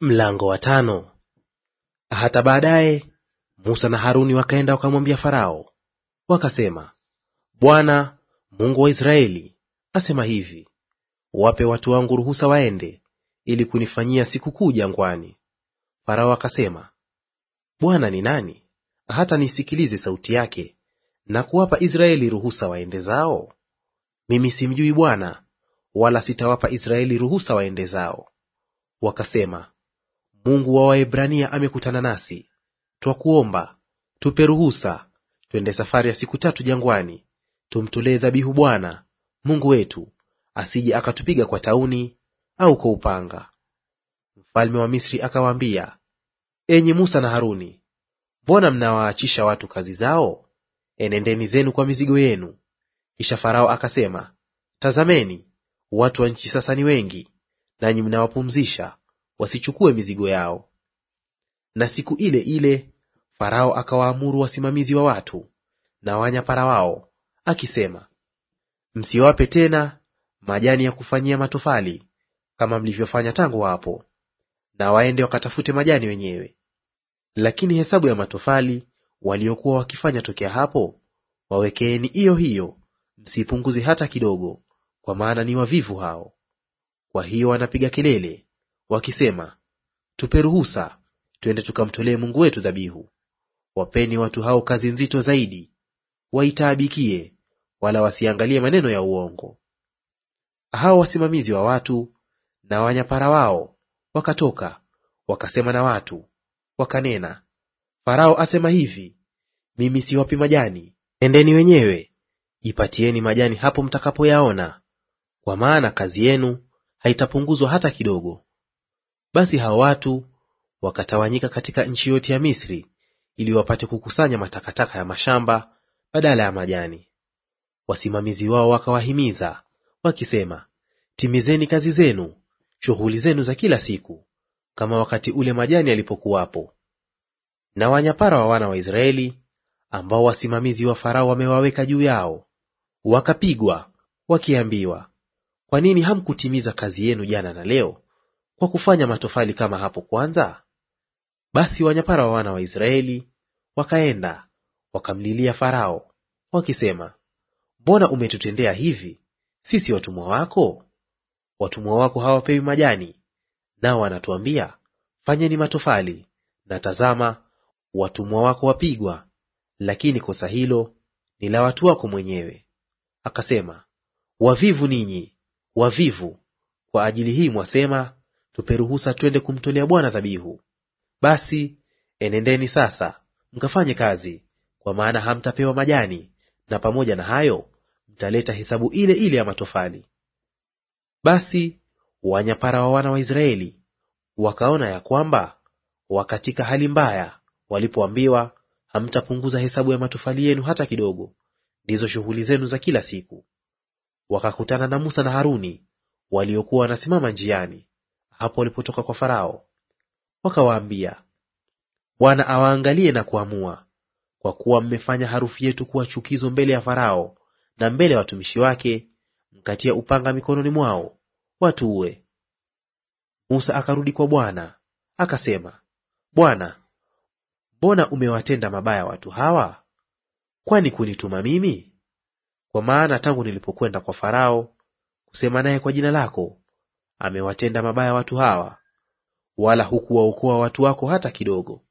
Mlango wa tano. Hata baadaye Musa na Haruni wakaenda wakamwambia Farao, wakasema, Bwana Mungu wa Israeli asema hivi, wape watu wangu ruhusa waende ili kunifanyia sikukuu jangwani. Farao akasema, Bwana ni nani hata nisikilize sauti yake na kuwapa Israeli ruhusa waende zao? Mimi simjui Bwana, wala sitawapa Israeli ruhusa waende zao. Wakasema, Mungu wa Waebrania amekutana nasi, twakuomba tupe ruhusa twende safari ya siku tatu jangwani, tumtolee dhabihu Bwana Mungu wetu, asije akatupiga kwa tauni au kwa upanga. Mfalme wa Misri akawaambia, enyi Musa na Haruni, mbona mnawaachisha watu kazi zao? Enendeni zenu kwa mizigo yenu. Kisha Farao akasema, tazameni, watu wa nchi sasa ni wengi, nanyi mnawapumzisha wasichukue mizigo yao. Na siku ile ile Farao akawaamuru wasimamizi wa watu na wanyapara wao, akisema, msiwape tena majani ya kufanyia matofali kama mlivyofanya tangu hapo, na waende wakatafute majani wenyewe. Lakini hesabu ya matofali waliokuwa wakifanya tokea hapo wawekeeni hiyo hiyo, msipunguze hata kidogo, kwa maana ni wavivu hao. Kwa hiyo wanapiga kelele wakisema, tupe ruhusa twende tukamtolee Mungu wetu dhabihu. Wapeni watu hao kazi nzito zaidi, waitaabikie, wala wasiangalie maneno ya uongo. Hao wasimamizi wa watu na wanyapara wao wakatoka wakasema na watu, wakanena, Farao asema hivi, mimi siwapi majani, endeni wenyewe jipatieni majani hapo mtakapoyaona, kwa maana kazi yenu haitapunguzwa hata kidogo. Basi hao watu wakatawanyika katika nchi yote ya Misri ili wapate kukusanya matakataka ya mashamba badala ya majani. Wasimamizi wao wakawahimiza wakisema, timizeni kazi zenu, shughuli zenu za kila siku, kama wakati ule majani yalipokuwapo. Na wanyapara wa wana wa Israeli ambao wasimamizi wa Farao wamewaweka juu yao wakapigwa, wakiambiwa, kwa nini hamkutimiza kazi yenu jana na leo? kwa kufanya matofali kama hapo kwanza? Basi wanyapara wa wana wa Israeli wakaenda wakamlilia Farao wakisema, mbona umetutendea hivi sisi watumwa wako? Watumwa wako hawapewi majani, nao wanatuambia fanyeni matofali, na tazama, watumwa wako wapigwa, lakini kosa hilo ni la watu wako mwenyewe. Akasema, wavivu ninyi, wavivu! Kwa ajili hii mwasema tupe ruhusa twende kumtolea Bwana dhabihu. Basi enendeni sasa mkafanye kazi, kwa maana hamtapewa majani, na pamoja na hayo mtaleta hesabu ile ile ya matofali. Basi wanyapara wa wana wa Israeli wakaona ya kwamba wakatika hali mbaya, walipoambiwa hamtapunguza hesabu ya matofali yenu hata kidogo, ndizo shughuli zenu za kila siku. Wakakutana na Musa na Haruni waliokuwa wanasimama njiani, hapo walipotoka kwa Farao, wakawaambia, Bwana awaangalie na kuamua, kwa kuwa mmefanya harufu yetu kuwa chukizo mbele ya Farao na mbele ya watumishi wake, mkatia upanga mikononi mwao watuue. Musa akarudi kwa Bwana akasema, Bwana, mbona umewatenda mabaya watu hawa? Kwani kunituma mimi? Kwa maana tangu nilipokwenda kwa Farao kusema naye kwa jina lako, amewatenda mabaya watu hawa, wala hukuwaokoa watu wako hata kidogo.